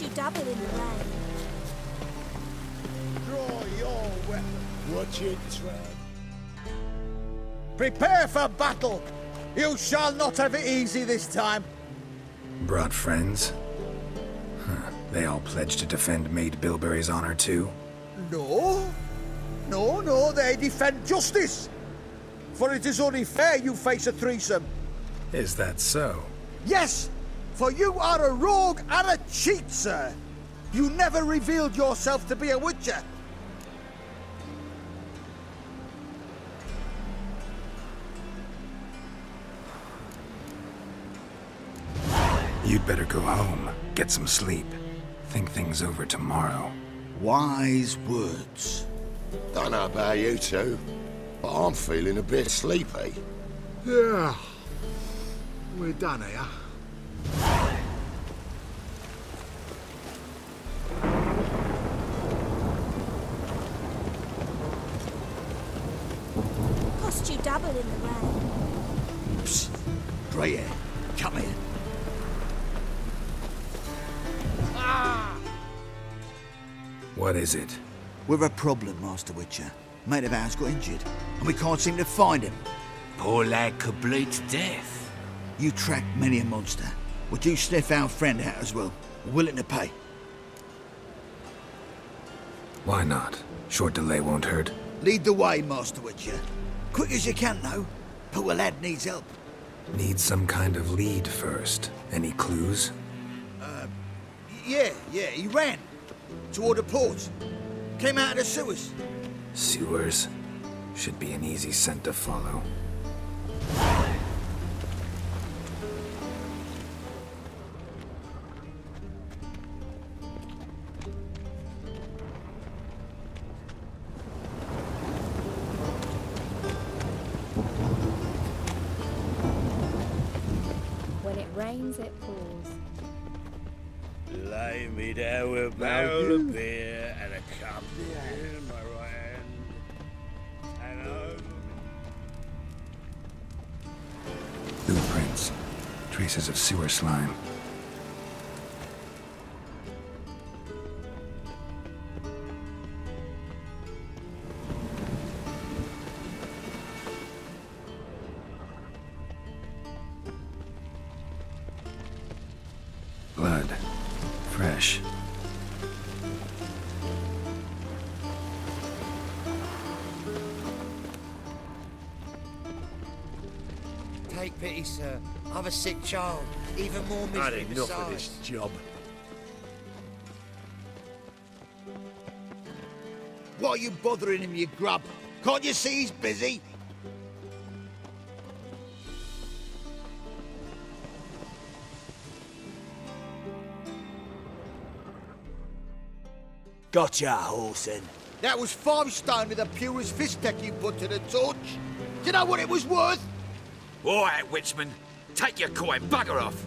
you double in blood. Draw your weapon. Watch tread. Prepare for battle! You shall not have it easy this time. Brought friends? Huh. They all pledged to defend Maid Bilberry's honor too? No. No, no, they defend justice. For it is only fair you face a threesome. Is that so? Yes! for you are a rogue and a cheat, sir. You never revealed yourself to be a witcher. You'd better go home, get some sleep, think things over tomorrow. Wise words. Don't know about you two, but I'm feeling a bit sleepy. Yeah. We're done here. double in the way. Psst. Grey come here. What is it? we have a problem, Master Witcher. Mate of ours got injured, and we can't seem to find him. Poor lad could bleed to death. You track many a monster. Would you sniff our friend out as well? willing to pay. Why not? Short delay won't hurt. Lead the way, Master Witcher. Quick as you can, though. Poor lad needs help. Need some kind of lead first. Any clues? Uh, yeah, yeah, he ran. Toward the port. Came out of the sewers. Sewers? Should be an easy scent to follow. rains, it pours. Lay me down with a barrel of beer and a cup yeah. in my right hand. Hello. Blueprints, traces of sewer slime. crash. Take pity, sir. I've a sick child. Even more misery Had enough of this job. Why are you bothering him, you grub? Can't you see he's busy? Gotcha, Horson. That was five stone with the purest fist tech you put to the torch. Do you know what it was worth? All right, Witchman. Take your coin, bugger off.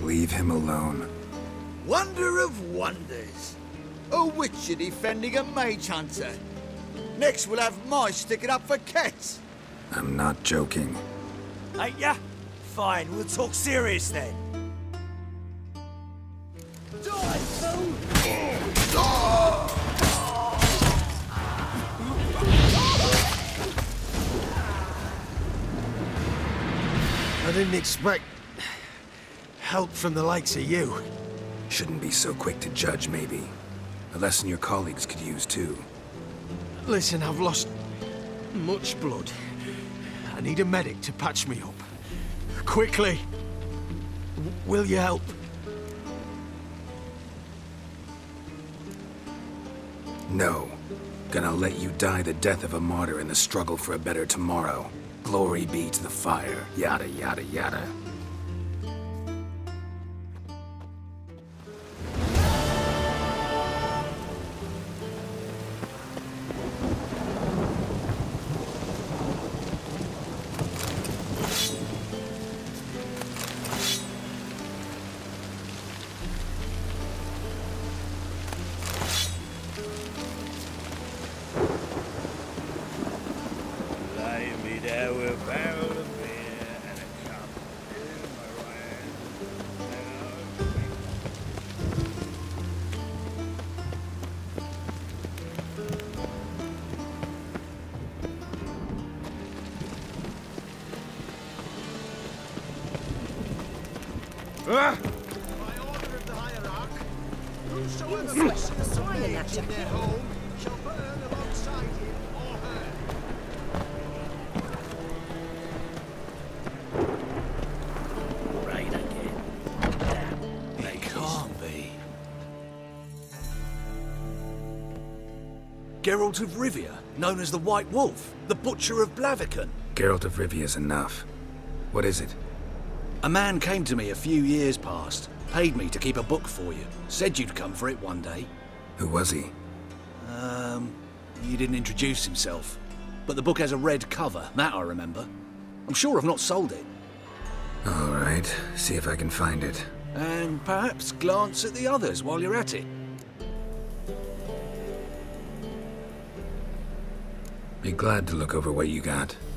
Leave him alone. Wonder of wonders. A witcher defending a mage hunter. Next we'll have mice sticking up for cats. I'm not joking. Ain't ya? Fine, we'll talk serious then. I didn't expect help from the likes of you. Shouldn't be so quick to judge, maybe. A lesson your colleagues could use, too. Listen, I've lost much blood. I need a medic to patch me up. Quickly! W will you help? No. Gonna let you die the death of a martyr in the struggle for a better tomorrow. Glory be to the fire, yada yada yada. a barrel of beer and a cup in ah! my right. By order of the hierarch, whosoever hmm. questions the in their home shall burn alongside him. Geralt of Rivia, known as the White Wolf, the Butcher of Blaviken. Geralt of Rivia's enough. What is it? A man came to me a few years past, paid me to keep a book for you, said you'd come for it one day. Who was he? Um, he didn't introduce himself. But the book has a red cover, that I remember. I'm sure I've not sold it. All right, see if I can find it. And perhaps glance at the others while you're at it. Be glad to look over what you got.